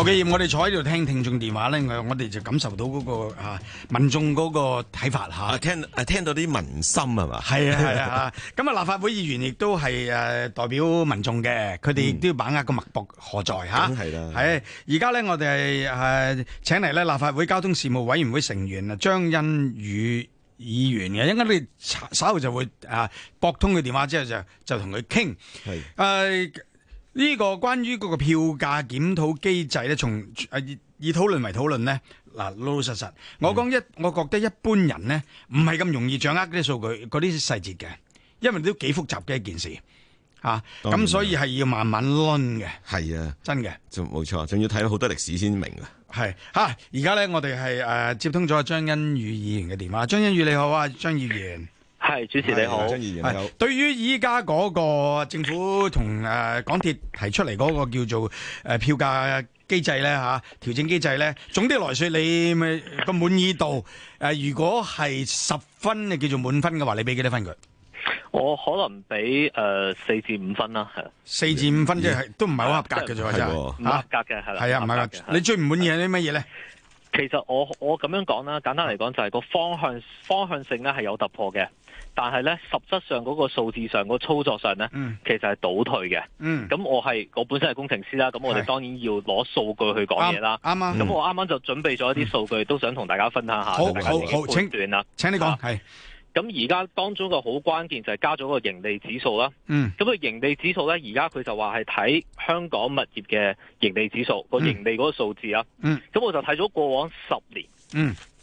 Okay, 我哋坐喺度聽聽眾電話咧，我我哋就感受到嗰個啊民眾嗰個睇法嚇，聽聽到啲民心係嘛？係啊係啊，咁啊立法會議員亦都係誒代表民眾嘅，佢哋亦都要把握個脈搏何在嚇？係啦，嗯，係而家咧，啊，我哋係，啊，請嚟咧立法會交通事務委員會成員張欣宇議員嘅，一陣間你稍後就會啊駁通佢電話之後就就同佢傾係誒。的 呢個關於嗰個票價檢討機制咧，從以討論為討論咧，嗱，老老實實，我講一，我覺得一般人咧唔係咁容易掌握啲數據嗰啲細節嘅，因為都幾複雜嘅一件事，吓、啊，咁所以係要慢慢論嘅。係啊，真嘅，就冇錯，仲要睇好多歷史先明噶。係吓，而家咧我哋係誒接通咗張欣宇議員嘅電話，張欣宇你好啊，張議員。係，主持你好。對於依家嗰個政府同誒、呃、港鐵提出嚟嗰個叫做誒、呃、票價機制咧吓，調、啊、整機制咧，總的來說你咪個滿意度誒、呃，如果係十分你叫做滿分嘅話，你俾幾多分佢？我可能俾誒四至五分啦。四至五分即、就、係、是、都唔係好合格嘅啫，真係唔合格嘅係啦。係啊，唔的合格。的的你最唔滿意係啲乜嘢咧？其實我我咁樣講啦，簡單嚟講就係個方向方向性咧係有突破嘅。但係咧，實質上嗰個數字上、嗰個操作上咧，其實係倒退嘅。咁我係我本身係工程師啦，咁我哋當然要攞數據去講嘢啦。啱啱，咁我啱啱就準備咗一啲數據，都想同大家分享下。好，好，請斷啦，請你講。係咁而家當中個好關鍵就係加咗個盈利指數啦。咁個盈利指數咧，而家佢就話係睇香港物業嘅盈利指數，個盈利嗰個數字啊。咁我就睇咗過往十年。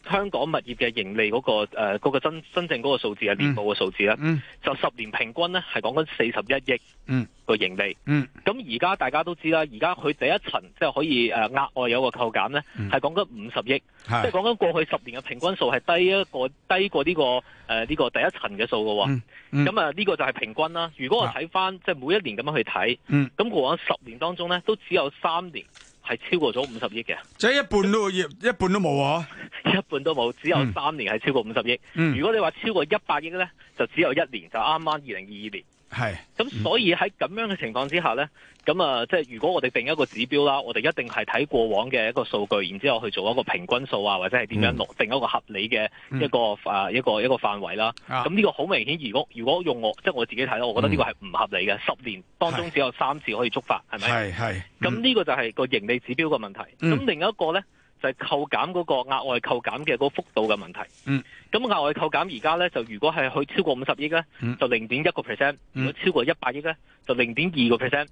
香港物業嘅盈利嗰、那個誒，呃那個真真正嗰個數字啊，年報嘅數字啦，mm. 就十年平均咧係講緊四十一億個盈利。咁而家大家都知啦，而家佢第一層即係可以誒額、呃、外有個扣減咧，係講緊五十億，的即係講緊過去十年嘅平均數係低一個低過呢、這個誒呢、呃這個第一層嘅數㗎。咁、mm. 啊呢、這個就係平均啦。如果我睇翻的即係每一年咁樣去睇，咁、mm. 過往十年當中咧都只有三年，係超過咗五十億嘅，即係一半都一 一半都冇，一半都冇，只有三年係超過五十億。嗯、如果你話超過一百億呢，就只有一年，就啱啱二零二二年。係，咁、嗯、所以喺咁樣嘅情況之下咧，咁啊，即係如果我哋定一個指標啦，我哋一定係睇過往嘅一個數據，然之後去做一個平均數啊，或者係點樣落定一個合理嘅一個、嗯、啊一、啊、個一個範圍啦。咁呢個好明顯，如果如果用我即係我自己睇啦，我覺得呢個係唔合理嘅。十、嗯、年當中只有三次可以觸發，係咪是？係係吧。咁呢個就係個盈利指標嘅問題。咁、嗯、另一個咧。就係扣減嗰個額外扣減嘅嗰個幅度嘅問題。嗯，咁額外扣減而家咧，就如果係去超過五十億咧，嗯、就零點一個 percent；如果超過一百億咧，就零點二個 percent。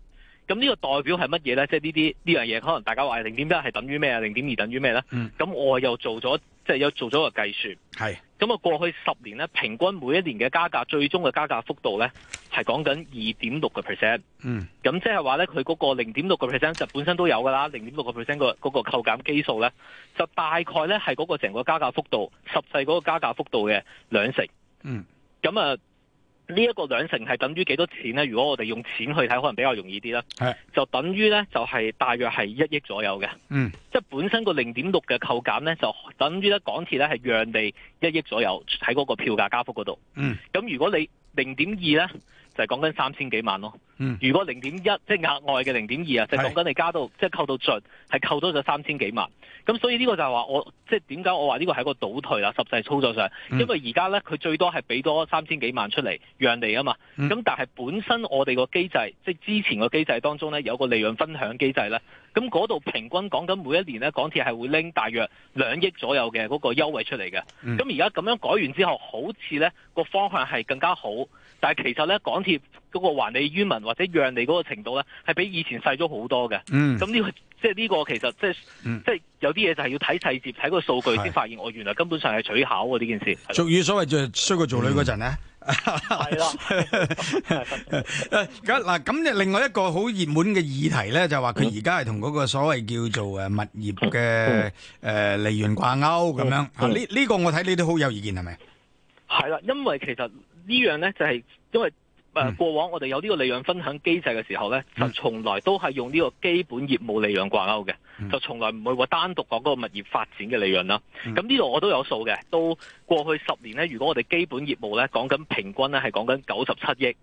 咁呢個代表係乜嘢咧？即係呢啲呢樣嘢，這個、可能大家話零點一係等於咩啊？零點二等於咩咧？咁、嗯、我又做咗，即係又做咗個計算。係。咁啊，過去十年咧，平均每一年嘅加價，最終嘅加價幅度咧，係講緊二點六個 percent。嗯。咁即係話咧，佢嗰個零點六個 percent 就本身都有㗎啦，零點六個 percent 個嗰個扣減基數咧，就大概咧係嗰個成個加價幅度實際嗰個加價幅度嘅兩成。嗯。咁啊、嗯。呢一個兩成係等於幾多錢呢？如果我哋用錢去睇，可能比較容易啲啦。係的，就等於呢，就係、是、大約係一億左右嘅。嗯，即係本身個零點六嘅扣減呢，就等於咧港鐵呢，係讓利一億左右喺嗰個票價加幅嗰度。嗯，咁如果你零點二呢？就係講緊三千幾萬咯。嗯、如果零點一，即係額外嘅零點二啊，就係講緊你加到即係是扣到盡，係扣多咗三千幾萬。咁所以呢個就係話我即係點解我話呢個係一個倒退啦，實際操作上，嗯、因為而家咧佢最多係俾多三千幾萬出嚟讓利啊嘛。咁、嗯、但係本身我哋個機制，即、就、係、是、之前個機制當中咧有個利潤分享機制咧。咁嗰度平均講緊每一年咧，港鐵係會拎大約兩億左右嘅嗰個優惠出嚟嘅。咁而家咁樣改完之後，好似咧個方向係更加好。但係其實咧，港鐵嗰個還利於民或者讓利嗰個程度咧，係比以前細咗好多嘅。嗯。咁呢個即係呢個其實即係即係有啲嘢就係要睇細節，睇個數據先發現，我原來根本上係取巧啊！呢件事俗語所謂就衰過做女嗰陣咧。係啦。咁嗱，咁另外一個好熱門嘅議題咧，就話佢而家係同嗰個所謂叫做誒物業嘅誒利潤掛鈎咁樣。係。呢呢個我睇你都好有意見，係咪？係啦，因為其實。呢樣呢，就係、是、因為誒、呃嗯、過往我哋有呢個利潤分享機制嘅時候呢，就從來都係用呢個基本業務利潤掛鈎嘅，就從來唔會話單獨講嗰個物業發展嘅利潤啦。咁呢度我都有數嘅，都過去十年呢，如果我哋基本業務呢，講緊平均呢，係講緊九十七億，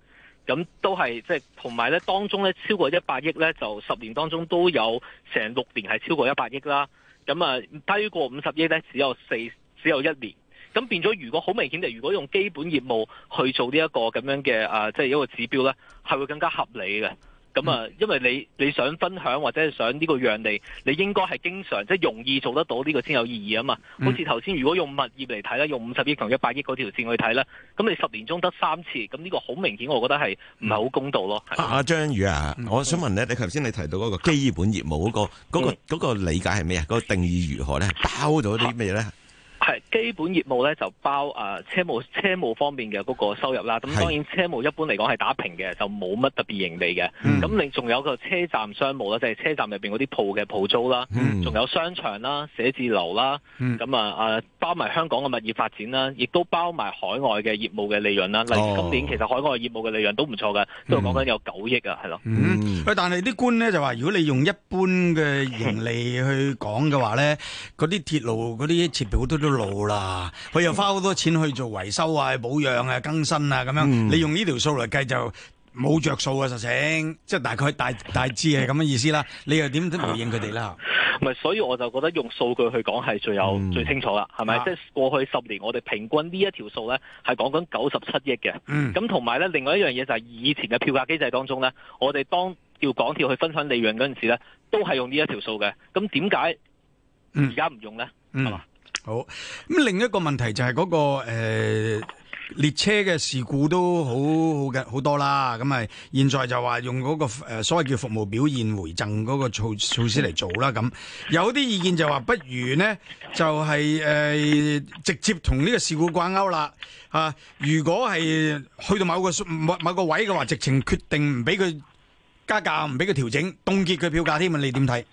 咁都係即係同埋呢，當中呢，超過一百億呢，就十年當中都有成六年係超過一百億啦。咁啊，低過五十億呢，只有四只有一年。咁變咗，如果好明顯地，如果用基本業務去做呢一個咁樣嘅啊，即係一個指標咧，係會更加合理嘅。咁啊，因為你你想分享或者係想呢個讓利，你應該係經常即係容易做得到呢個先有意義啊嘛。好似頭先，如果用物業嚟睇咧，用五十億同一百億嗰條線去睇咧，咁你十年中得三次，咁呢個好明顯，我覺得係唔係好公道咯？阿張宇啊，啊嗯、我想問你，你頭先你提到嗰個基本業務嗰個嗰個嗰個理解係咩啊？嗰個定義如何咧？包咗啲咩咧？係基本業務咧就包啊車務車務方面嘅嗰個收入啦，咁、嗯、當然車務一般嚟講係打平嘅，就冇乜特別盈利嘅。咁、嗯、你仲有個車站商務啦，就係、是、車站入邊嗰啲鋪嘅鋪租啦，仲、嗯、有商場啦、寫字樓啦，咁啊啊包埋香港嘅物業發展啦，亦都包埋海外嘅業務嘅利潤啦。哦、例如今年其實海外業務嘅利潤都唔錯嘅，嗯、都係講緊有九億啊，係咯、嗯。但係啲官咧就話，如果你用一般嘅盈利去講嘅話咧，嗰啲 鐵路嗰啲設備好多都～老啦，佢又花好多錢去做維修啊、保養啊、更新啊咁樣。嗯、你用呢條數嚟計就冇着數啊，實情即係大概大大，大致係咁嘅意思啦。你又點都回應佢哋啦？唔係，所以我就覺得用數據去講係最有最清楚啦。係咪、嗯？即係、就是、過去十年我哋平均條數呢一條數咧，係講緊九十七億嘅。咁同埋咧，另外一樣嘢就係以前嘅票價機制當中咧，我哋當叫港鐵去分享利潤嗰陣時咧，都係用，用呢一條數嘅。咁點解而家唔用咧？係、嗯、嘛？好，咁另一個問題就係嗰個誒，列車嘅事故都好好嘅好多啦，咁啊，現在就話用嗰個誒所謂叫服務表現回贈嗰個措措施嚟做啦，咁有啲意見就話不如咧就係誒直接同呢個事故掛鈎啦啊！如果係去到某個某某個位嘅話，直情決定唔俾佢加價，唔俾佢調整，凍結佢票價添啊！你點睇？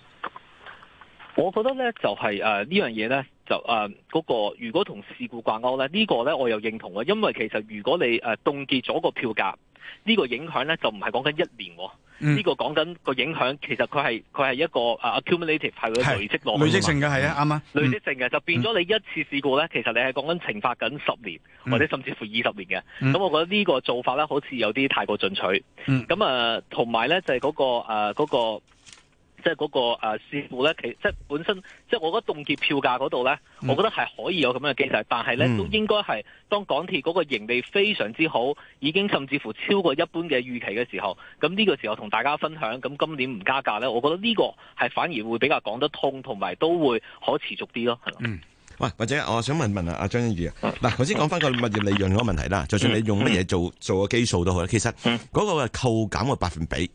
我覺得咧就係誒呢樣嘢咧就誒嗰個如果同事故掛鈎咧呢個咧我又認同嘅，因為其實如果你誒凍結咗個票價，呢個影響咧就唔係講緊一年，呢個講緊個影響其實佢係佢係一個誒 accumulative 係會累積落累積性嘅係啊啱啊累積性嘅就變咗你一次事故咧，其實你係講緊懲罰緊十年或者甚至乎二十年嘅，咁我覺得呢個做法咧好似有啲太過進取，咁啊同埋咧就係嗰個誒嗰個。即係嗰個誒市況咧，其即係本身，即係我覺得凍結票價嗰度咧，嗯、我覺得係可以有咁樣嘅機制，但係咧、嗯、都應該係當港鐵嗰個盈利非常之好，已經甚至乎超過一般嘅預期嘅時候，咁呢個時候同大家分享，咁今年唔加價咧，我覺得呢個係反而會比較講得通，同埋都會可持續啲咯，係咯。嗯，喂，或者我想問問啊，阿張欣宇啊，嗱、啊，頭先講翻個物業利潤嗰個問題啦，嗯、就算你用乜嘢做做個基數都好咧，其實嗰個係扣減嘅百分比。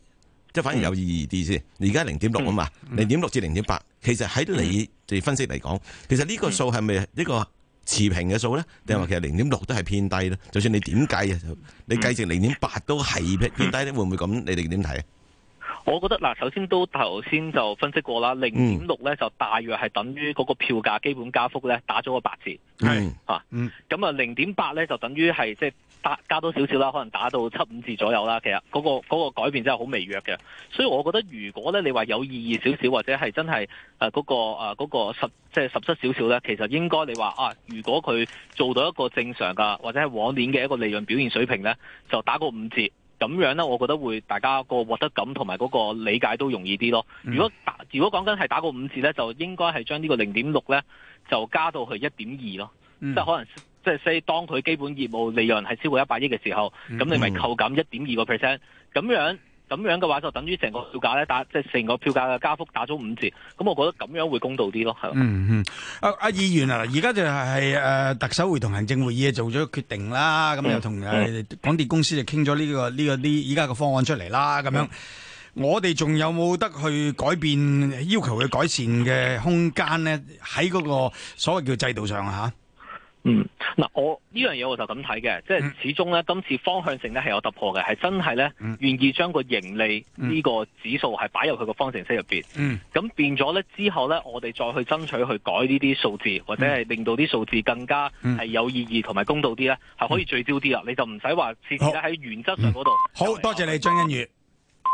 即反而有意義啲先，而家零點六啊嘛，零點六至零點八，其實喺你哋分析嚟講，其實呢個數係咪一個持平嘅數咧？定係話其實零點六都係偏低咧？就算你點計啊，你計成零點八都係偏低咧，會唔會咁？你哋點睇啊？我覺得，嗱，首先都頭先就分析過啦，零點六咧就大約係等於嗰個票價基本加幅咧打咗個八折，係嚇是。咁啊，零點八咧就等於係即係加多少少啦，可能打到七五折左右啦。其實嗰個嗰個改變真係好微弱嘅，所以我覺得如果咧，你話有意義少少或者係真係誒嗰個誒嗰個實即係實質少少咧，其實應該你話啊，如果佢做到一個正常嘅或者係往年嘅一個利潤表現水平咧，就打個五折。咁樣咧，我覺得會大家個獲得感同埋嗰個理解都容易啲咯。如果打如果講緊係打個五折咧，就應該係將呢個零點六咧就加到去一點二咯。嗯、即係可能即係 say 當佢基本業務利潤係超過一百億嘅時候，咁你咪扣減一點二個 percent 咁樣。咁樣嘅話就等於成個票價咧打，即係成個票價嘅加幅打咗五折，咁我覺得咁樣會公道啲咯，係嘛？嗯嗯，阿、嗯、阿、啊、議員啊，而家就係、是、誒、呃、特首會同行政會議做咗決定啦，咁又同誒港鐵公司就傾咗呢個呢、這個啲依家嘅方案出嚟啦，咁樣、嗯、我哋仲有冇得去改變要求嘅改善嘅空間咧？喺嗰個所謂叫制度上吓？嗯，嗱，我呢樣嘢我就咁睇嘅，即係始終咧，今次方向性咧係有突破嘅，係真係咧、嗯、願意將個盈利呢個指數係擺入佢個方程式入邊，咁、嗯、變咗咧之後咧，我哋再去爭取去改呢啲數字，或者係令到啲數字更加係有意義同埋公道啲咧，係可以聚焦啲啦，你就唔使話次次咧喺原則上嗰度。好，好多謝你張欣宇。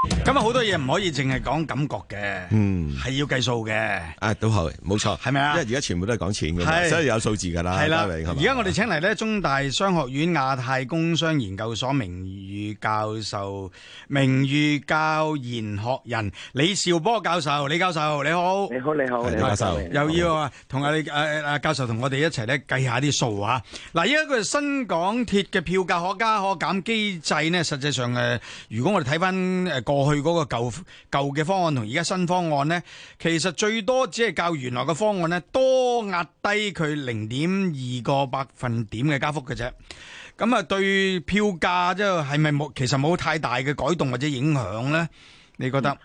咁啊，好多嘢唔可以淨係講感覺嘅，嗯，係要計數嘅。啊，都係，冇錯，係咪啊？因為而家全部都係講錢嘅，所以有數字噶啦。係啦，而家我哋請嚟咧，中大商學院亞太工商研究所名譽教授、名譽教研學人李兆波教授，李教授你好，你好，你好，李教授又要啊同阿李誒誒教授同我哋一齊咧計下啲數啊。嗱，依一個新港鐵嘅票價可加可減機制咧，實際上誒，如果我哋睇翻誒。過去嗰個舊舊嘅方案同而家新方案呢，其實最多只係較原來嘅方案呢，多壓低佢零點二個百分點嘅加幅嘅啫。咁、嗯、啊，對票價即係係咪冇其實冇太大嘅改動或者影響呢？你覺得？嗯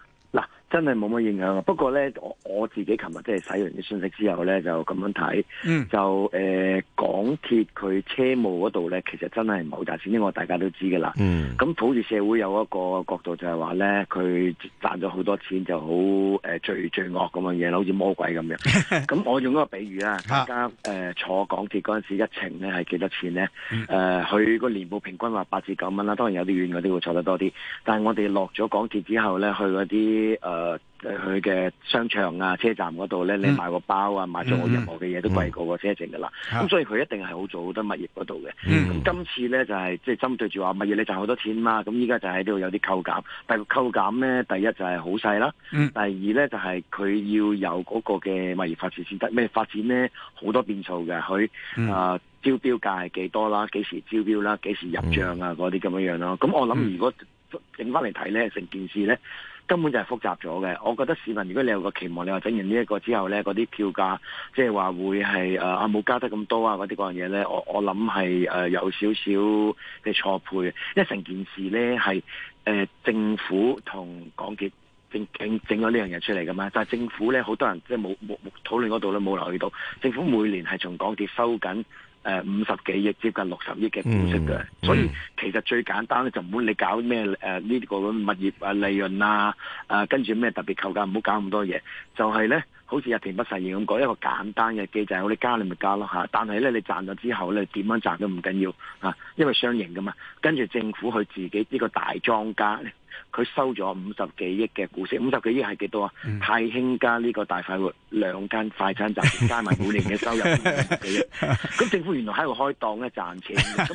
真係冇乜影響啊！不過咧，我我自己琴日即係睇完啲信息之後咧，就咁樣睇，嗯、就誒、呃、港鐵佢車務嗰度咧，其實真係唔係好賺錢，因、這個大家都知噶啦。咁抱住社會有一個角度就係話咧，佢賺咗好多錢就好誒，罪、呃、罪惡咁樣嘢啦，好似魔鬼咁樣。咁、 嗯嗯、我用一個比喻啊，大家誒、呃、坐港鐵嗰陣時一程咧係幾多錢咧？誒、呃，佢個年報平均話八至九蚊啦，當然有啲遠嗰啲會坐得多啲。但係我哋落咗港鐵之後咧，去嗰啲誒。呃呃嗯嗯誒，佢嘅商場啊、車站嗰度咧，你買個包啊，買咗我任何嘅嘢都貴過個車程噶啦。咁所以佢一定係好做好多物業嗰度嘅。咁今次咧就係即係針對住話物業你賺好多錢嘛。咁依家就喺呢度有啲扣減，但係個扣減咧，第一就係好細啦。第二咧就係佢要有嗰個嘅物業發展先得。咩發展咧？好多變數嘅，佢啊招標價係幾多啦？幾時招標啦？幾時入賬啊？嗰啲咁樣樣咯。咁我諗如果整翻嚟睇咧，成件事咧。根本就係複雜咗嘅，我覺得市民如果你有個期望，你話整完呢一個之後咧，嗰啲票價即係話會係啊冇加得咁多啊嗰啲嗰樣嘢咧，我我諗係誒有少少嘅錯配，因為成件事咧係誒政府同港鐵整整整咗呢樣嘢出嚟噶嘛，但係政府咧好多人即係冇冇討論嗰度咧冇留意到，政府每年係從港鐵收緊。誒，五十幾億接近六十億嘅股息嘅，mm hmm. 所以其實最簡單咧就唔好你搞咩誒呢個物業啊利潤啊，啊跟住咩特別扣減，唔好搞咁多嘢，就係、是、咧好似日田不實現咁講，一個簡單嘅機制，係我你加你咪加咯吓，但係咧你賺咗之後咧點樣賺都唔緊要吓，啊，因為雙贏噶嘛，跟住政府佢自己呢個大莊家咧。佢收咗五十幾億嘅股息，五十幾億係幾多啊？太興加呢個大快活兩間快餐集團，加埋每年嘅收入 五十幾億。咁、嗯、 政府原來喺度開檔咧賺錢，咁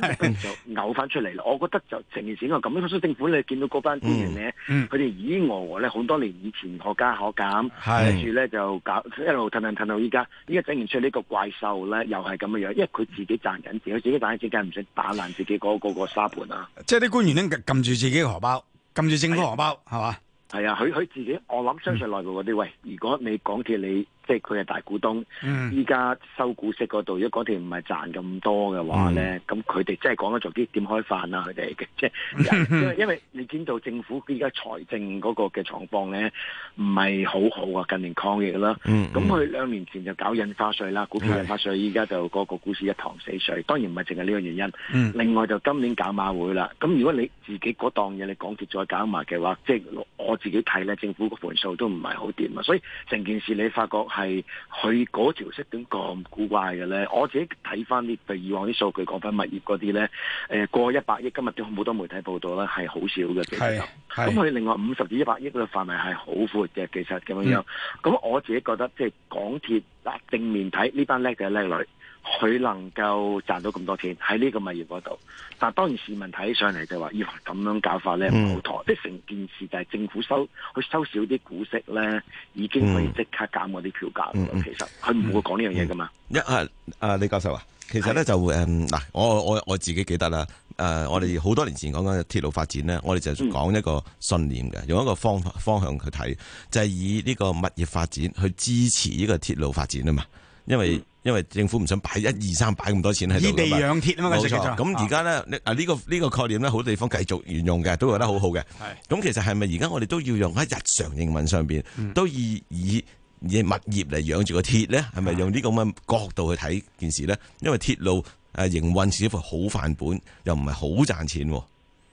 就嘔翻出嚟啦。我覺得就成件事係咁，所以政府你見到嗰班官員咧，佢哋爾虞我詐咧，好、嗯、多年以前學家可加可減，跟住咧就搞一路褪褪褪到依家，依家整完出嚟呢個怪獸咧又係咁嘅樣，因為佢自己賺緊錢，佢自己賺緊錢梗係唔想打爛自己嗰個沙盤啊。即係啲官員咧撳住自己嘅荷包。禁住政府荷包，係嘛？係啊，佢佢吧、啊、自己，我諗相信內部嗰啲。喂、嗯，如果你港鐵，你。即係佢係大股東，依家 Yeah. 收股息嗰度，如果港鐵唔係賺咁多嘅話咧，咁佢哋真係即係講得做啲點開飯啊！佢哋嘅即係， 因為你見到政府而家財政嗰個嘅狀況咧，唔係好好啊！近年抗疫啦，咁佢兩年前就搞印花稅啦，股票印花稅，依家就個個股市一堂死水。當然唔係淨係呢個原因，mm hmm. 另外就今年搞馬會啦。咁如果你自己嗰檔嘢，你港鐵再搞埋嘅話，即係我自己睇咧，政府個盤數都唔係好掂啊！所以成件事你發覺。係佢嗰條式點咁古怪嘅咧？我自己睇翻啲嘅以往啲數據，講翻物業嗰啲咧，誒，過一百億，今日都好多媒體報道啦，係好少嘅嘅咁。佢另外五十至一百億嘅範圍係好闊嘅，其實咁樣樣。咁我自己覺得即係港鐵正面睇呢班叻仔叻女。佢能夠賺到咁多錢喺呢個物業嗰度，但係當然市民睇起上嚟就話：咦，咁樣搞法咧，唔好妥。即係成件事就係政府收佢收少啲股息咧，已經可以即刻減我啲票價。嗯、其實佢唔會講呢樣嘢噶嘛。一係啊，李教授啊，其實咧就誒嗱、呃，我我我自己記得啦，誒、呃，我哋好多年前講緊鐵路發展咧，我哋就講一個信念嘅，嗯、用一個方方向去睇，就係、是、以呢個物業發展去支持呢個鐵路發展啊嘛。因為因為政府唔想擺一二三擺咁多錢喺度嘛地養鐵，以地養鐵啊嘛，咁而家咧啊呢、這個呢、這個概念咧好多地方繼續沿用嘅，都覺得好好嘅。咁、嗯、其實係咪而家我哋都要用喺日常營運上邊，都以以以物業嚟養住個鐵咧？係咪用呢個咁嘅角度去睇件事咧？因為鐵路誒營運似乎好犯本，又唔係好賺錢。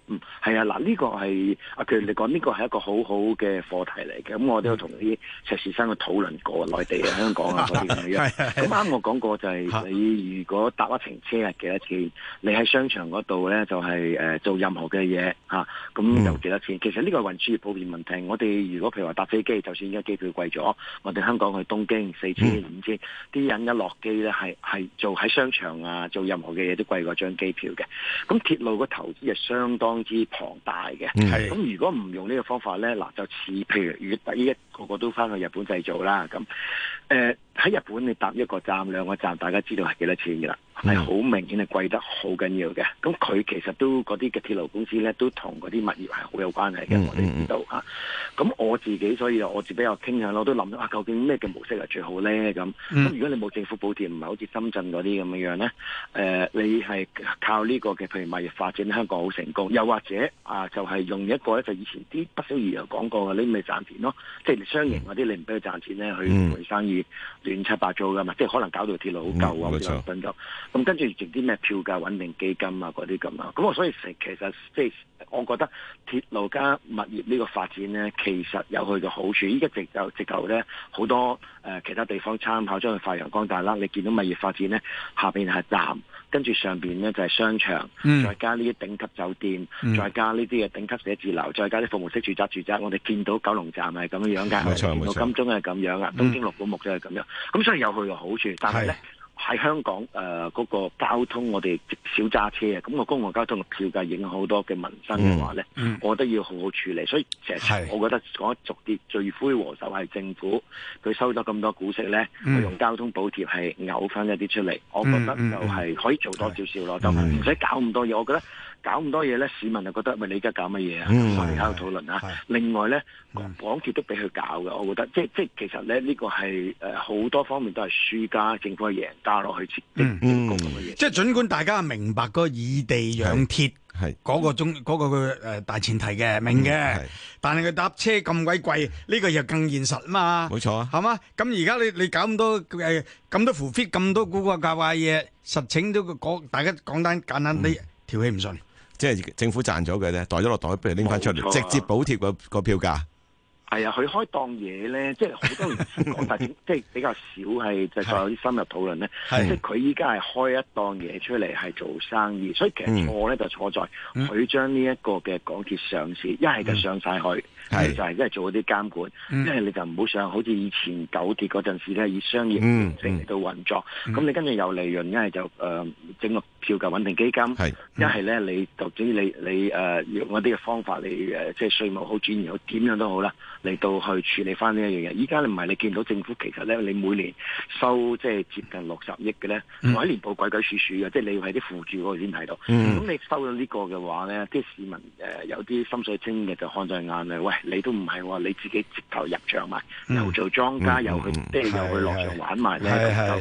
嗯，係 啊，嗱、啊、呢、這個係阿權你講呢個係一個好好嘅課題嚟嘅，咁、啊、我都有同啲碩士生去討論過，內地啊、香港啊嗰啲咁啱我講過就係你如果搭一程車係幾多錢？你喺商場嗰度咧就係誒做任何嘅嘢嚇，咁又幾多錢？其實呢個係運輸業普遍問題。我哋如果譬如話搭飛機，就算而家機票貴咗，我哋香港去東京四千五千，啲人一落機咧係係做喺商場啊，做任何嘅嘢都貴過張機票嘅。咁鐵路個投資係相當。之龐大嘅，咁、嗯、如果唔用呢個方法咧，嗱、就似譬如如果第一個個都翻去日本製造啦咁。誒喺、呃、日本你搭一個站兩個站，大家知道係幾多錢嘅啦，係好、嗯、明顯係貴得好緊要嘅。咁佢其實都嗰啲嘅鐵路公司咧，都同嗰啲物業係好有關係嘅。嗯嗯、我哋知道吓。咁、啊、我自己所以我自己比較傾向我都諗到，啊，究竟咩嘅模式係最好咧？咁咁、嗯、如果你冇政府補貼，唔係好似深圳嗰啲咁樣樣咧，誒、呃、你係靠呢個嘅，譬如物業發展香港好成功，又或者啊就係、是、用一個咧就以前啲不少業友講過嘅，你咪賺錢咯，即係商營嗰啲你唔俾佢賺錢咧去做生意。亂七八糟噶嘛，即係可能搞到鐵路好舊啊，等咁，跟住仲啲咩票價穩定基金啊，嗰啲咁啊，咁我所以其實即係我覺得鐵路加物業呢個發展呢，其實有佢嘅好處。依家直就直頭呢，好多誒其他地方參考將去發揚光大啦。你見到物業發展呢，下邊係站，跟住上邊呢就係商場，嗯、再加呢啲頂級酒店，再加呢啲嘅頂級寫字樓，再加啲服務式住宅、住宅。我哋見到九龍站係咁樣樣噶，我金鐘係咁樣啊，東京六本木。係咁樣，咁所以有佢嘅好處，但係咧喺香港誒，嗰個交通我哋少揸車啊，咁個公共交通嘅票價影響好多嘅民生嘅話咧，我覺得、嗯、要好好處理。所以其實我覺得講得俗啲，最灰和手係政府，佢收咗咁多股息咧，佢用交通補貼係嘔翻一啲出嚟，我覺得就係可以做多少少咯，就唔使搞咁多嘢。我覺得。嗯嗯嗯嗯嗯搞咁多嘢咧，市民就覺得，咪你而家搞乜嘢啊？我哋喺度討論吓。另外咧，港鐵都俾佢搞嘅，我覺得，即即其實咧呢個係誒好多方面都係輸家，政府贏家落去設的公共嘅嘢。即係儘管大家明白嗰個以地養鐵係嗰個中嗰個嘅誒大前提嘅，明嘅。但係佢搭車咁鬼貴，呢個又更現實啊嘛。冇錯啊，係嘛？咁而家你你搞咁多誒咁多扶鐵咁多古怪嘢，實情都講大家講單，簡單啲，條氣唔順。即係政府賺咗嘅咧，袋咗落袋不如拎翻出嚟，錯直接補貼個票價。係啊，佢開檔嘢咧，即係好多年先講，但即係比較少係就是有啲深入討論咧。的即係佢依家係開一檔嘢出嚟係做生意，所以其實錯咧就錯在佢將呢一個嘅港鐵上市，一係就上晒去。嗯係就係因為做嗰啲監管，一係、嗯、你就唔好上好似以前九鐵嗰陣時咧，以商業性嚟到運作。咁你跟住有利潤，一係、嗯、就誒、呃、整個票價穩定基金，一係咧你就總之你你誒、呃、用一啲嘅方法，你誒即係稅務好轉移好點樣都好啦，嚟到去處理翻呢一樣嘢。依家你唔係你見到政府其實咧，你每年收即係接近六十億嘅咧，喺年報鬼、鬼鬼祟祟嘅，即係你要喺啲附註嗰度先睇到。咁、嗯嗯、你收咗呢個嘅話咧，即係市民誒有啲心水清嘅就看在眼裏，喂。你都唔係，你自己直頭入場嘛，又做莊家，又去即係又去落場玩埋咧，又點？係啊，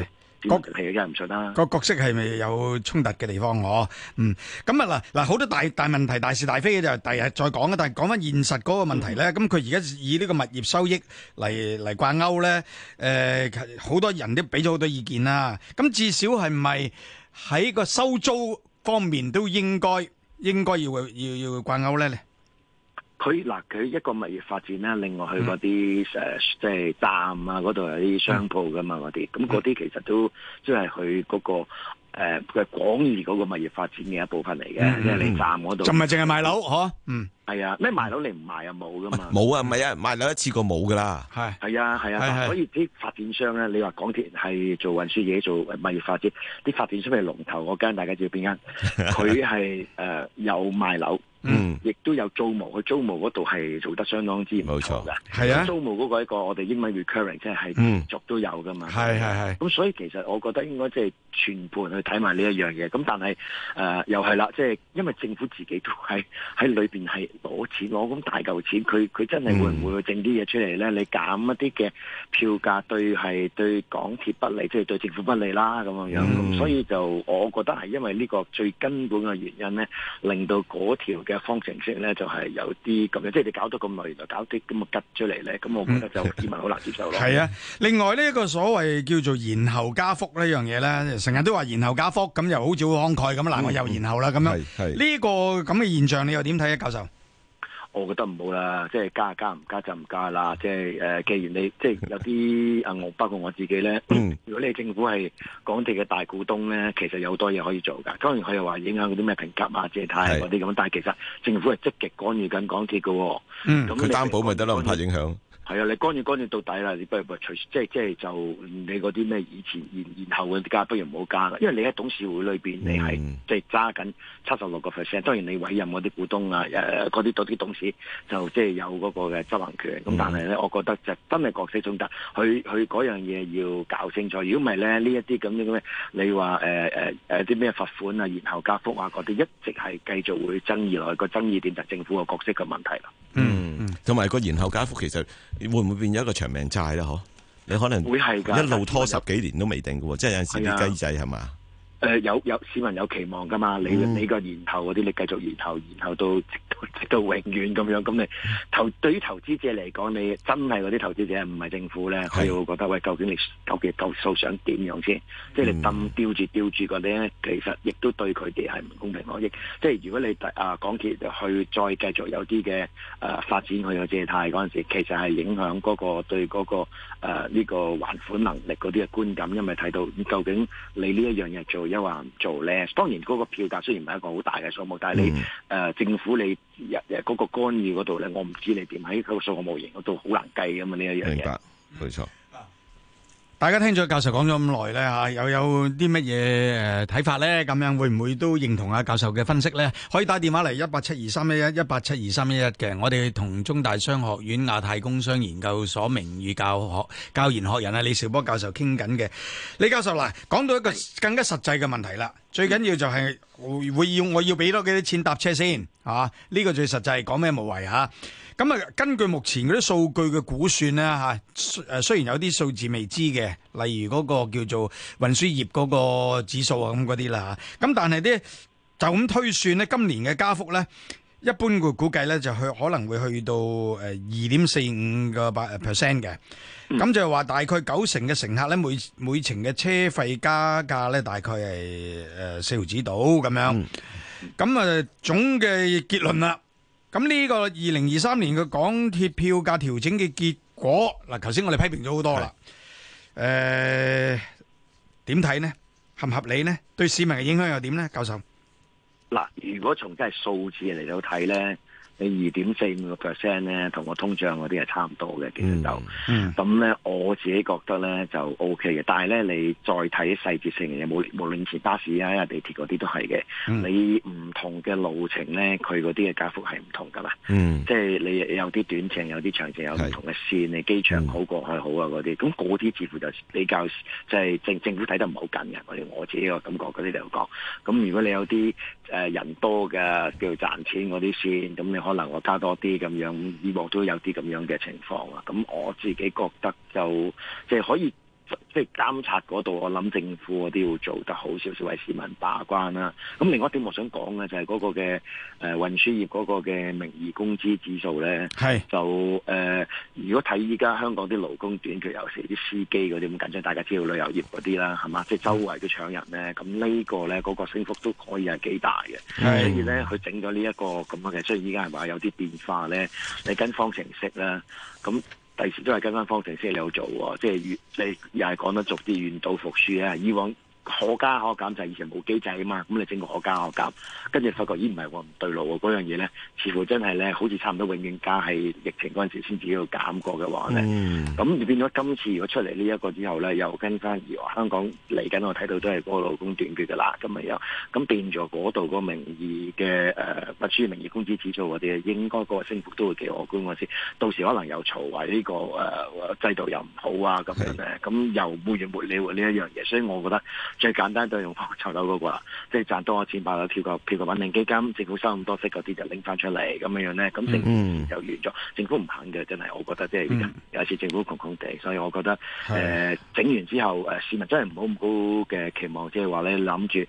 真係唔信啦！個角色係咪有衝突嘅地方？我嗯咁啊嗱嗱好多大大問題、大是大非就第日再講啦。但係講翻現實嗰個問題咧，咁佢而家以呢個物業收益嚟嚟掛鈎咧，誒好多人都俾咗好多意見啦。咁至少係咪喺個收租方面都應該應該要要要掛鈎咧？佢嗱佢一個物業發展咧，另外去嗰啲誒，嗯、即係站啊嗰度有啲商鋪噶嘛，嗰啲咁嗰啲其實都即係佢嗰個誒佢係廣義嗰個物業發展嘅一部分嚟嘅，即係你站嗰度就唔係淨係賣樓嗬？嗯，係啊，咩賣樓你唔賣就冇噶嘛？冇啊，唔係啊，賣樓一次過冇噶啦。係係啊係啊，所以啲發展商咧，你話港鐵係做運輸嘢，做物業發展，啲發展商係龍頭嗰間，我大家知道邊間？佢係誒有賣樓。嗯，亦都有租務、嗯、租務，佢租務嗰度係做得相當之冇錯嘅。係錯 像 啊，租務嗰個一個我哋英文 recurring 即係連續都有㗎嘛。係係係。咁所以其實我覺得應該即係全盤去睇埋呢一樣嘢。咁但係誒、呃、又係啦，即、就、係、是、因為政府自己都係喺裏邊係攞錢，攞咁大嚿錢，佢佢真係會唔、嗯、會去整啲嘢出嚟咧？你減一啲嘅票價，對係對港鐵不利，即、就、係、是、對政府不利啦咁樣樣。咁、嗯嗯、所以就我覺得係因為呢個最根本嘅原因咧，令到嗰條嘅方程式咧就係、是、有啲咁樣，即係你搞到咁耐，就搞啲咁嘅吉出嚟咧，咁我覺得就市民好難接受咯。係 啊，另外呢一個所謂叫做延後加幅呢樣嘢咧，成日都話延後加幅，咁又好似好慷慨咁，嗱我又延後啦咁、嗯、樣，呢、這個咁嘅現象你又點睇啊，教授？我覺得唔好啦，即係加加，唔加就唔加啦。即係誒、呃，既然你即係有啲誒，我包括我自己咧， 如果你政府係港鐵嘅大股東咧，其實有好多嘢可以做噶。當然佢又話影響啲咩評級啊、借貸嗰啲咁，是但係其實政府係積極干預緊港鐵噶，咁佢擔保咪得咯，唔怕影響。係啊，你幹住幹住到底啦，你不如唔係隨即即係就你嗰啲咩以前然然後啲加幅，不如唔好加啦。因為你喺董事會裏邊，你係即係揸緊七十六個 percent。當然你委任嗰啲股東啊，誒嗰啲到啲董事就即係有嗰個嘅執行權。咁但係咧，我覺得就真係角色衝突，佢佢嗰樣嘢要搞清楚。如果唔係咧，呢一啲咁樣嘅，你話誒誒誒啲咩罰款啊，然後加幅啊嗰啲，一直係繼續會爭議落去。個爭議點就政府個角色嘅問題啦。嗯，同埋個然後加幅其實。會唔會變咗一個長命債咧？嗬，你可能會係㗎，一路拖十幾年都未定嘅喎，即係有陣時啲雞仔係嘛？誒、呃，有有市民有期望噶嘛？你、嗯、你個延後嗰啲，你繼續延後，延後到。直到永遠咁樣，咁你投對於投資者嚟講，你真係嗰啲投資者唔係政府咧，佢是會覺得喂，究竟你究竟夠數想點樣先？即係你咁吊住吊住嗰啲咧，其實亦都對佢哋係唔公平可恥。即係如果你第啊港鐵去再繼續有啲嘅誒發展，佢有借貸嗰陣時，其實係影響嗰、嗰個對嗰、嗰個呢、呃呢個還款能力嗰啲嘅觀感，因為睇到究竟你呢一樣嘢做抑或唔做咧。當然嗰個票價雖然唔係一個好大嘅數目，但係你誒、呃、政府你。日日、嗰個干預度咧，我唔知你點，喺個數學模型度好難計咁嘛，呢一樣嘢明白，冇錯。大家聽咗教授講咗咁耐咧，吓、啊、又有啲乜嘢誒睇法咧？咁樣會唔會都認同阿教授嘅分析咧？可以打電話嚟一八七二三一一一八七二三一一嘅。31, 31, 我哋同中大商學院亞太工商研究所名譽教學教研學人啊李兆波教授傾緊嘅。李教授嗱，講到一個更加實際嘅問題啦，最緊要就係會要我要俾多幾多錢搭車先，啊呢、呢個最實際，講咩無謂吓。啊咁啊，根據目前嗰啲數據嘅估算咧嚇，誒雖然有啲數字未知嘅，例如嗰個叫做運輸業嗰個指數啊咁嗰啲啦嚇，咁但係咧就咁推算咧，今年嘅加幅呢，一般個估計呢，就去可能會去到誒二點四五個 percent 嘅，咁、嗯、就係話大概九成嘅乘客呢，每每程嘅車費加價呢，大概係誒四毫子到咁樣，咁啊、嗯、總嘅結論啦。咁呢個二零二三年嘅港鐵票價調整嘅結果，嗱，頭先我哋批評咗好多啦。誒是，呃，點睇呢？合唔合理呢？對市民嘅影響又點呢？教授，嗱，如果從真係數字嚟到睇咧。你二點四五個 percent 咧，同個通脹嗰啲係差唔多嘅，其實就，咁咧、嗯嗯嗯、我自己覺得咧就 O K 嘅。但係咧你再睇細節性嘅嘢，無無論是巴士啊、地鐵嗰啲都係嘅。嗯、你唔同嘅路程咧，佢嗰啲嘅加幅係唔同㗎嘛。嗯、即係你有啲短程，有啲長程，有唔同嘅線，是你機場好過去、嗯、好啊嗰啲。咁嗰啲似乎就比較即係政政府睇得唔好緊嘅。我哋我自己個感覺嗰啲嚟講，咁如果你有啲。誒人多嘅叫賺錢嗰啲先，咁你可能我加多啲咁樣，以往都有啲咁樣嘅情況啊。咁我自己覺得就即係可以。即係監察嗰度，我諗政府嗰啲要做得好少少，為市民把關啦。咁另外一點我想講嘅就係、是、嗰個嘅誒、呃、運輸業嗰個嘅名義工資指數咧，係是就誒、呃，如果睇依家香港啲勞工短缺，尤其啲司機嗰啲咁緊張，大家知道旅遊業嗰啲啦，係嘛？即係、嗯、周圍都搶人咧，咁呢個咧嗰個升幅都可以係幾大嘅。是所以咧，佢整咗呢一個咁樣嘅，雖然依家話有啲變化咧，你跟方程式啦，咁。第時都係跟翻方程式有做喎，即係越你又係講得俗啲，願賭服輸啊！以往。可加可減就係以前冇機制啊嘛，咁、嗯、你整個可加可減，跟住發覺咦，唔係喎，唔對路喎，啊，嗰樣嘢咧似乎真係咧好似差唔多永遠加，喺疫情嗰陣時先至喺度減過嘅話咧，咁就、嗯、變咗今次如果出嚟，呢一個之後咧，又跟翻而香港嚟緊我睇到都係嗰個勞工短缺嘅啦，咁咪又咁變咗嗰度嗰名義嘅誒，特、呃、殊名義工資指數或者應該個升幅都會幾可觀嗰陣，到時可能有嘈話呢個誒、呃、制度又唔好啊咁樣咧，咁是又沒完沒了呢一樣嘢，所以我覺得。最簡單就係用炒樓嗰個啦，即係賺多咗錢，把嗰票個票個穩定基金，政府收咁多息嗰啲就拎翻出嚟咁樣樣咧，咁政府就完咗。嗯、政府唔肯嘅，真係我覺得即係有時政府窮窮地，所以我覺得誒的、呃、整完之後誒、呃、市民真係唔好咁高嘅期望，即係話咧諗住誒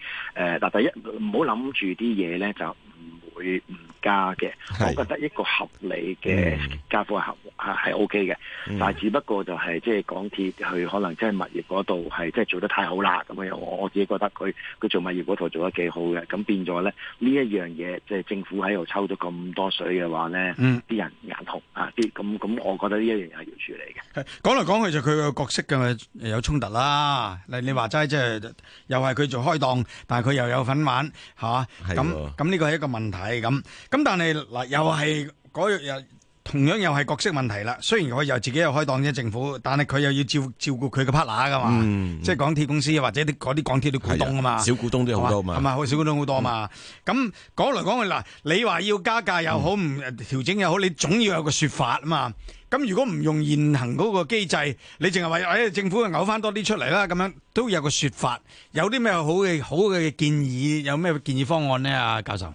嗱第一唔好諗住啲嘢咧就。嗯佢唔加嘅，我覺得一個合理嘅加幅合嚇係 O K 嘅，但係只不過就係即係港鐵佢可能即係物業嗰度係即係做得太好啦咁樣，我我自己覺得佢佢做物業嗰度做得幾好嘅，咁變咗咧呢一樣嘢，即係政府喺度抽咗咁多水嘅話咧，啲人眼紅嚇啲咁咁，啊、我覺得呢一樣嘢係要處理嘅。講嚟講去就佢個角色嘅有衝突啦。你你話齋即係又係佢做開檔，但係佢又有份玩嚇，咁咁呢個係一個問題。係咁，咁但係嗱，又係嗰又同樣又係角色問題啦。雖然我又自己又開檔啫，政府，但係佢又要照照顧佢嘅 partner 噶嘛，即係港鐵公司或者啲嗰啲港鐵啲股東啊嘛，小股東都好多嘛，係嘛，好小股東好多嘛。咁講嚟講去嗱，你話要加價又好，唔調整又好，你總要有個說法啊嘛。咁如果唔用現行嗰個機制，你淨係話誒，政府嘅嘔翻多啲出嚟啦，咁樣都有個說法。有啲咩好嘅好嘅建議，有咩建議方案呢？啊，教授。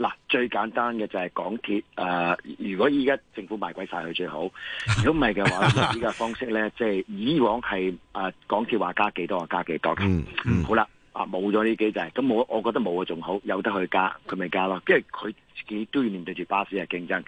嗱，最簡單嘅就係港鐵誒、呃，如果依家政府賣鬼晒佢最好，如果唔係嘅話，呢個 方式咧，即係以往係誒、呃、港鐵話加幾多就加幾多嘅。嗯嗯、好啦，啊冇咗呢啲機制，咁我我覺得冇啊仲好，有得去加，佢咪加咯。因為佢自己都要面對住巴士嘅競爭，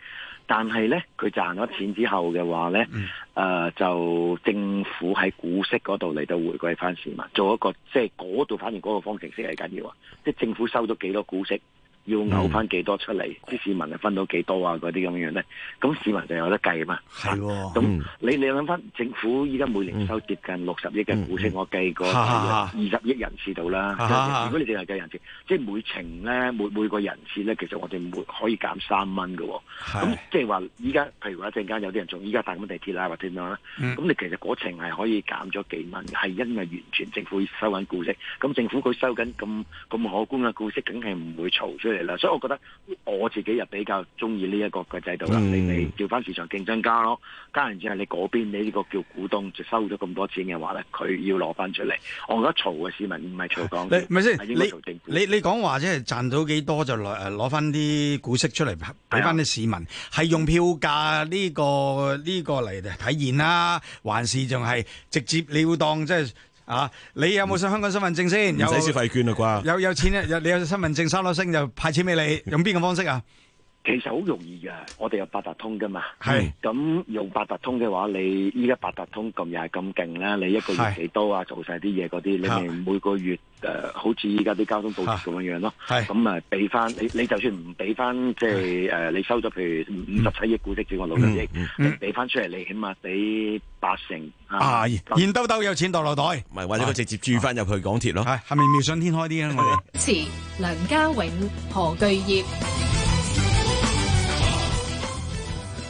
但係咧佢賺咗錢之後嘅話咧，誒、呃、就政府喺股息嗰度嚟到回饋翻市民，做一個即係嗰度反而嗰個方程式係緊要啊，即係政府收咗幾多股息。要嘔翻幾多出嚟？啲、嗯、市民啊，分到幾多啊？嗰啲咁樣咧，咁市民就有得計嘛。係喎，咁你你諗翻政府依家每年收接近六十億嘅股息，嗯、我計過二十億人次度啦。啊啊、如果你淨係計人次，啊、即係每程咧，每每個人次咧，其實我哋唔會可以減三蚊嘅喎。咁是即係話，依家譬如話一陣間有啲人仲依家搭緊地鐵啦，或者點樣咧？咁、嗯、你其實嗰程係可以減咗幾蚊，係因為完全政府收緊股息。咁政府佢收緊咁咁可觀嘅股息，梗係唔會嘈嚟啦，所以我覺得我自己又比較中意呢一個嘅制度啦。你你調翻市場競爭加咯，加完之後你嗰邊你呢個叫股東就收咗咁多錢嘅話咧，佢要攞翻出嚟。我覺得嘈嘅市民唔係嘈講，唔係先你你你講話即係賺到幾多就攞誒攞翻啲股息出嚟俾翻啲市民，係、啊、用票價呢、呢個呢、呢個嚟體現啦、啊，還是仲係直接了當即、就、係、是？啊！你有冇上香港身份證先？唔使消費券啦啩？有有，有錢啊？你有身份證三粒星，就派錢俾你。用邊個方式啊？其實好容易嘅，我哋有八達通噶嘛，係咁用八達通嘅話，你依家八達通咁又係咁勁啦，你一個月幾多啊？做晒啲嘢嗰啲，你咪每個月誒，好似依家啲交通補貼咁樣樣咯，咁啊俾翻你，你就算唔俾翻，即係誒，你收咗譬如五十七億股息轉我六十億，你俾翻出嚟，你起碼俾八成係，現兜兜有錢袋落袋，唔係或者佢直接注翻入去港鐵咯，係係咪妙想天開啲咧？我哋主持梁家永何巨業。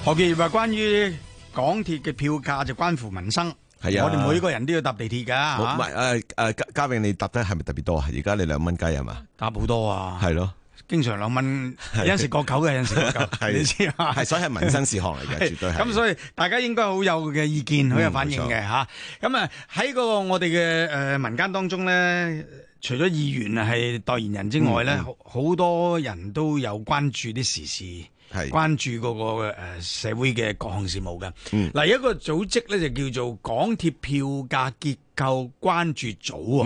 何潔話：關於港鐵嘅票價就關乎民生，係啊，我哋每個人都要搭地鐵噶吓。唔係，誒誒，嘉嘉穎你搭得係咪特別多啊？而家你兩蚊雞係嘛？搭好多啊！係咯，經常兩蚊，有陣時過九嘅，有陣時過九，你知啊？係所以係民生事項嚟嘅，絕對係。咁所以大家應該好有嘅意見，好有反應嘅吓。咁啊喺嗰個我哋嘅誒民間當中咧，除咗議員係代言人之外咧，好多人都有關注啲時事。係是關注嗰個誒社會嘅各項事務嘅。嗱、嗯，一個組織咧就叫做港鐵票價結構關注組啊。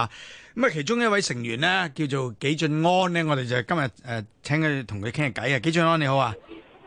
啊、嗯，咁啊，其中一位成員咧叫做紀俊安咧，我哋就今日誒、呃、請佢同佢傾下偈啊。紀俊安你好啊，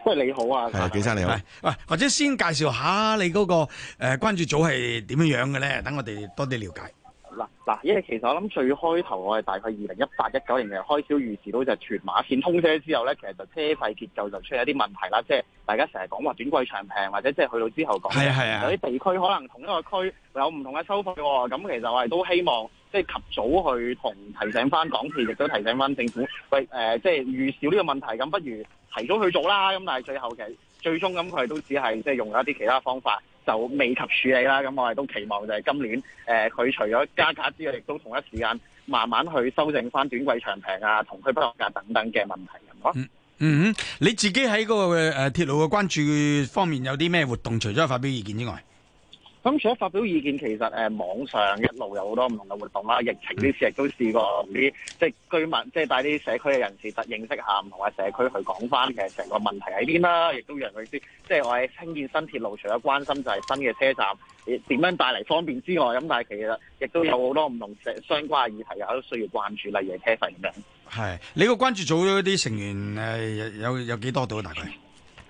喂，你好啊，紀、啊、生你好。喂、啊，或者先介紹下你嗰、那個誒、呃、關注組係點樣樣嘅咧？等我哋多啲了解。嗱嗱，因為其實我諗最開頭我係大概二零一八、一九年嘅開銷預示到就係屯馬綫通車之後咧，其實就車費結構就出現一啲問題啦，即係大家成日講話短貴長平，或者即係去到之後講，係係啊， 有啲地區可能同一個區有唔同嘅收費喎、哦。咁其實我哋都希望即係及早去同提醒翻港鐵，亦都提醒翻政府，喂誒、呃，即係預兆呢個問題，咁不如提早去做啦。咁但係最後其實最終咁佢都只係即係用咗一啲其他方法。就未及處理啦，咁我哋都期望就係今年誒佢、呃、除咗加價之外，亦都同一時間慢慢去修正返短貴長平啊、同區不當價等等嘅問題，係嘛、嗯？嗯嗯，你自己喺嗰、那個誒、呃、鐵路嘅關注方面有啲咩活動？除咗發表意見之外？咁除咗發表意見，其實誒、呃、網上一路有好多唔同嘅活動啦。疫情呢事亦都試過啲即係居民，即係帶啲社區嘅人士識認識下，唔同嘅社區去講翻嘅成個問題喺邊啦。亦都讓佢知，即係我哋興建新鐵路，除咗關心就係新嘅車站點點樣帶嚟方便之外，咁但係其實亦都有好多唔同相關嘅議題，有需要關注，例如車費咁樣。係你個關注組啲成員誒、呃、有有，有幾多度？大概？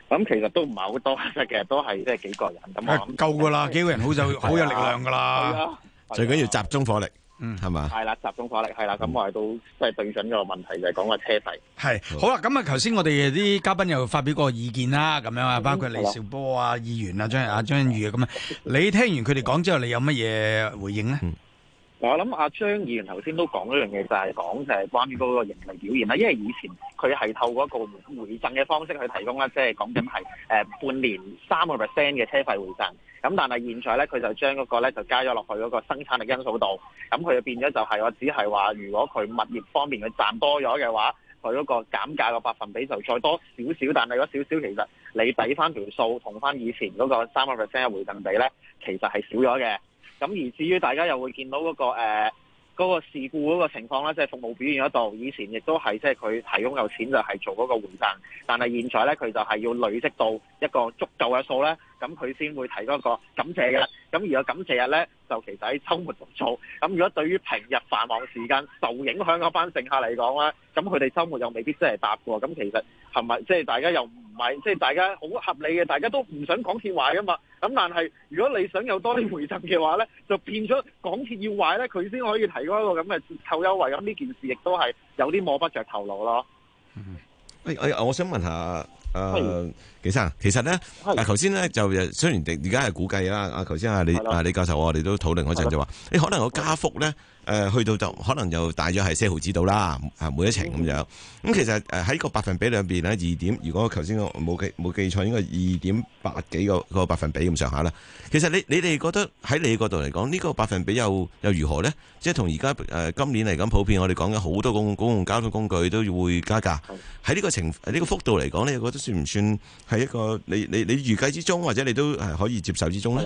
咁其實都唔係好多嘅，其實都係即係幾個人咁啊，夠噶啦，幾個人好就好有力量噶啦，最緊要集中火力，嗯，係嘛？係啦，集中火力係啦，咁我哋都即係對準個問題就係講個車費。係，好啦，咁啊頭先我哋啲嘉賓又發表個意見啦，咁樣啊，包括李兆波啊、議員啊、張啊張欣宇咁啊，你聽完佢哋講之後，你有乜嘢回應咧？我諗阿張議員頭先都講咗樣嘢，就係講就係關於嗰個盈利表現啦。因為以前佢係透過一個回贈嘅方式去提供啦，即係講緊係誒半年三個 percent 嘅車費回贈。咁但係現在咧，佢就將嗰個咧就加咗落去嗰個生產力因素度。咁佢就變咗就係我只係話，如果佢物業方面佢賺多咗嘅話，佢嗰個減價個百分比就再多少少。但係嗰少少其實你抵翻條數同翻以前嗰個三個 percent 嘅回贈比咧，其實係少咗嘅。咁而至於大家又會見到嗰、那個誒、呃那個、事故嗰個情況啦，即係服務表現嗰度，以前亦都係即係佢提供有錢就係做嗰個回贈，但係現在咧佢就係要累積到一個足夠嘅數咧，咁佢先會提供一個感謝嘅。咁而個感謝日咧就其實喺週末度做。咁如果對於平日繁忙時間受影響嗰班乘客嚟講咧，咁佢哋週末又未必真係搭過。咁其實。係咪？即係大家又唔係？即係大家好合理嘅，大家都唔想港鐵壞嘅嘛。咁但係，如果你想有多啲回贈嘅話咧，就變咗港鐵要壞咧，佢先可以提供一個咁嘅折扣優惠。咁呢件事亦都係有啲摸不着頭腦咯。誒誒、嗯欸欸，我想問下誒，紀、呃、是生，其實咧，嗱是，頭先咧就雖然而家係估計啦。阿頭先阿李阿的、啊、李教授，我哋都討論嗰陣就話，誒的，的可能個加幅咧。誒，去到就可能又大約係四毫子度啦，啊每一程咁樣。咁其實誒喺個百分比兩邊咧，二點，如果頭先我冇記冇記錯，應該二點八幾個個百分比咁上下啦。其實你你哋覺得喺你角度嚟講，呢個百分比又又如何呢？即係同而家誒今年嚟講，普遍我哋講嘅好多公共公共交通工具都會加價。喺呢個情呢個幅度嚟講咧，你覺得算唔算係一個你你你預計之中，或者你都係可以接受之中呢？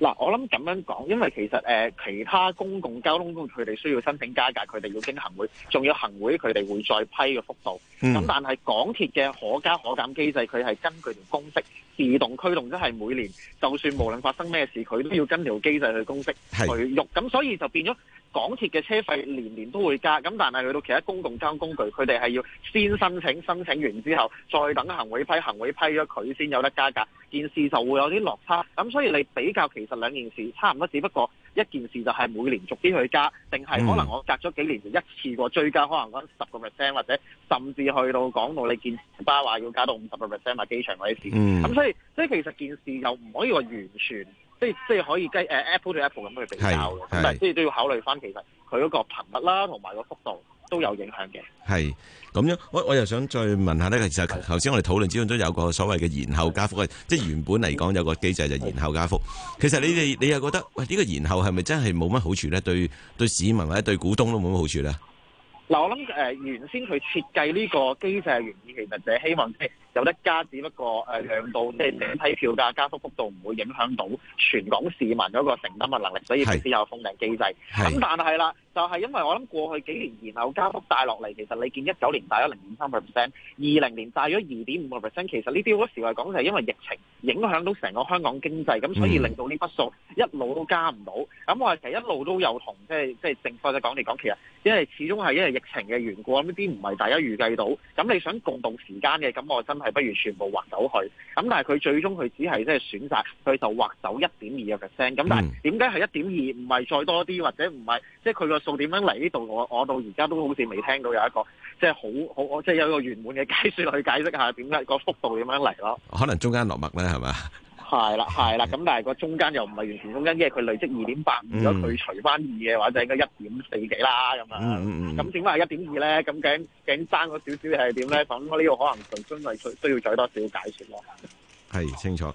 嗱，我諗咁樣講，因為其實誒、呃，其他公共交通工具，佢哋需要申請加價，佢哋要經行會，仲要行會佢哋會再批個幅度。咁、嗯、但係港鐵嘅可加可減機制，佢係根據條公式自動驅動，即係每年就算無論發生咩事，佢都要跟條機制去公式去喐。咁是所以就變咗港鐵嘅車費年年都會加。咁但係去到其他公共交通工具，佢哋係要先申請，申請完之後再等行會批，行會批咗佢先有得加價，件事就會有啲落差。咁所以你比較其實兩件事差唔多，只不過。一件事就係每年逐啲去加，定係可能我隔咗幾年就一次過追加，可能嗰十個 percent，或者甚至去到講到你件事吧話要加到五十個 percent 喺機場嗰啲事。咁、嗯、所以，所以其實件事又唔可以話完全，即係即係可以計誒、啊、Apple 對 Apple 咁去比較嘅，即係都要考慮翻其實佢嗰個頻率啦，同埋個幅度。都有影響嘅，係咁樣。我我又想再問下咧，其實頭先我哋討論之中都有個所謂嘅延後加幅嘅，即係原本嚟講有個機制就延後加幅。其實你哋你又覺得喂，呢個延後係咪真係冇乜好處咧？對對市民或者對股東都冇乜好處咧？嗱，我諗誒原先佢設計呢個機制嘅原意，其實就係希望即係。有得加，只不過誒量度即係整體票價加幅幅度唔會影響到全港市民嗰個承擔嘅能力，所以頭先有封頂機制。咁是但係啦，就係、是、因為我諗過去幾年然後加幅帶落嚟，其實你見一九年大咗零點三個 percent，二零年大咗二點五個 percent，其實呢啲好多時嚟講就係因為疫情影響到成個香港經濟，咁所以令到呢筆數一路都加唔到。咁我其實一路都有同即係即係政府或者講嚟講，其實因為始終係因為疫情嘅緣故，呢啲唔係大家預計到。咁你想共度時間嘅咁，我真係不如全部劃走去，咁但係佢最終佢只係即係選擇，佢就劃走一點二嘅 percent。咁但係點解係一點二？唔係再多啲，或者唔係即係佢個數點樣嚟呢度？我我到而家都好似未聽到有一個即係好好即係有一個圓滿嘅解說去解釋下點解個幅度點樣嚟咯？可能中間落墨咧，係咪？ 係啦，係啦，咁但係個中間又唔係完全中間，因為佢累積二點八，如果佢除翻二嘅話，就應該一點四幾啦咁啊。咁點解係一點二咧？咁竟竟爭咗少少係點咧？咁我呢個可能從中係需要再多少解説咯。係，清楚。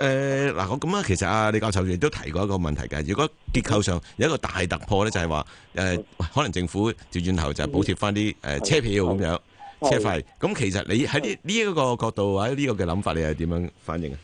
誒嗱，我咁啊，其實阿李教授亦都提過一個問題嘅。如果結構上有一個大突破咧，就係話誒，可能政府調轉頭就係補貼翻啲誒車票咁樣車費票。咁、哦嗯、其實你喺呢呢一個角度或者呢個嘅諗法，你係點樣反應啊？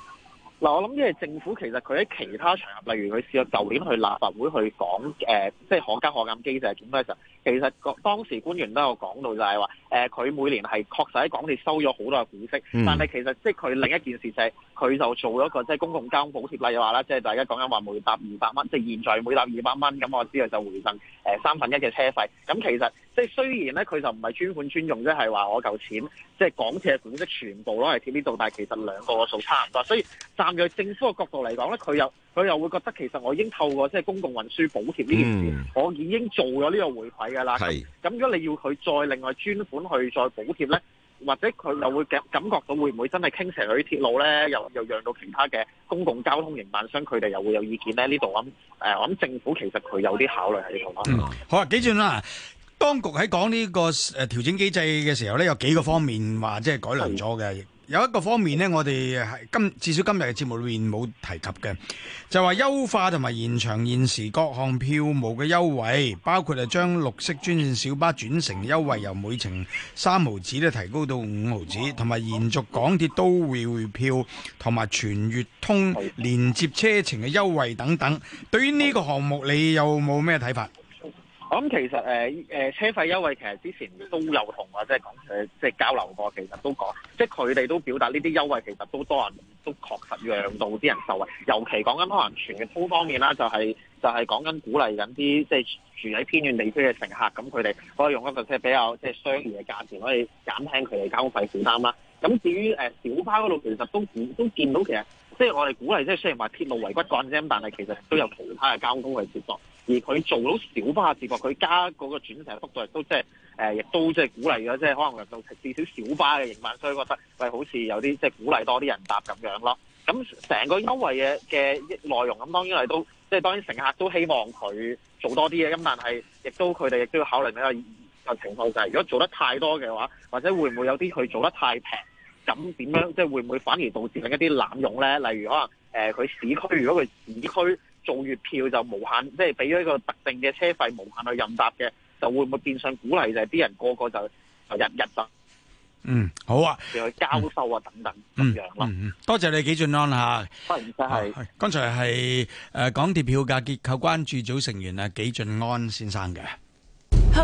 嗱，我諗因為政府其實佢喺其他場合，例如佢試過舊年去立法會去講，誒，即係可加可減機制係點嘅時候，其實當時官員都有講到，就係話，誒，佢每年係確實喺港鐵收咗好多嘅股息，但係其實即係佢另一件事就係佢就做咗一個即係公共交通補貼，例如話啦，即係大家講緊話每搭二百蚊，即係現在每搭二百蚊，咁我知道就回贈誒三分一嘅車費，咁其實。即係雖然咧，佢就唔係專款專用即係話我嚿錢即係港鐵嘅款即全部攞嚟貼呢度，但係其實兩個個數差唔多，所以站在政府嘅角度嚟講咧，佢又佢又會覺得其實我已經透過即係公共運輸補貼呢件事，嗯、我已經做咗呢個回饋噶啦。係咁是，如果你要佢再另外專款去再補貼咧，或者佢又會感感覺到會唔會真係傾斜去鐵路咧，又又讓到其他嘅公共交通營辦商，佢哋又會有意見咧？呢度我誒，我諗政府其實佢有啲考慮喺度咯。嗯，好啊，幾轉啦。當局喺講呢、這個誒、呃、調整機制嘅時候呢，有幾個方面話即係改良咗嘅。有一個方面呢，我哋係今至少今日嘅節目裏面冇提及嘅，就話優化同埋延長現時各項票務嘅優惠，包括係將綠色專線小巴轉乘優惠由每程三毫紙咧提高到五毫紙，同埋延續港鐵都會、會票同埋全月通連接車程嘅優惠等等。對於呢個項目，你有冇咩睇法？咁、嗯、其實誒誒、呃、車費優惠其實之前都有同啊即係講誒即係交流過，其實都講即係佢哋都表達呢啲優惠，其實都多人都確實讓到啲人受惠。尤其講緊可能全月通方面啦，啊、就係、是、就係講緊鼓勵緊啲即係住喺偏遠地區嘅乘客，咁佢哋可以用一個即係比較即係、就是、商業嘅價錢，可以減輕佢哋交費負擔啦。咁至於誒、呃、小巴嗰度，其實都見都見到其實。即係我哋鼓勵，即係雖然話鐵路為骨幹啫，但係其實都有其他嘅交通去接駁。而佢做到小巴嘅接駁，佢加嗰個轉乘嘅幅度亦都即係誒，亦、呃、都即係鼓勵咗，即係可能令到至少小巴嘅營運，所以覺得喂，好似有啲即係鼓勵多啲人搭咁樣咯。咁、嗯、成個優惠嘅嘅內容，咁當然係都即係、就是、當然乘客都希望佢做多啲嘅。咁但係亦都佢哋亦都要考慮到一,一個情況、就是，就係如果做得太多嘅話，或者會唔會有啲佢做得太平？咁點樣，樣即係會唔會反而導致另一啲濫用咧？例如可能誒佢、呃、市區，如果佢市區做月票就無限，即係俾咗一個特定嘅車費無限去任搭嘅，就會唔會變相鼓勵就係啲人個個就日日搭？嗯，好啊，嗯、去交收啊等等咁、嗯、樣嗯嗯，多謝你紀俊安嚇，歡迎曬。剛才係誒、呃、港鐵票價結構關注組成員啊，紀俊安先生嘅。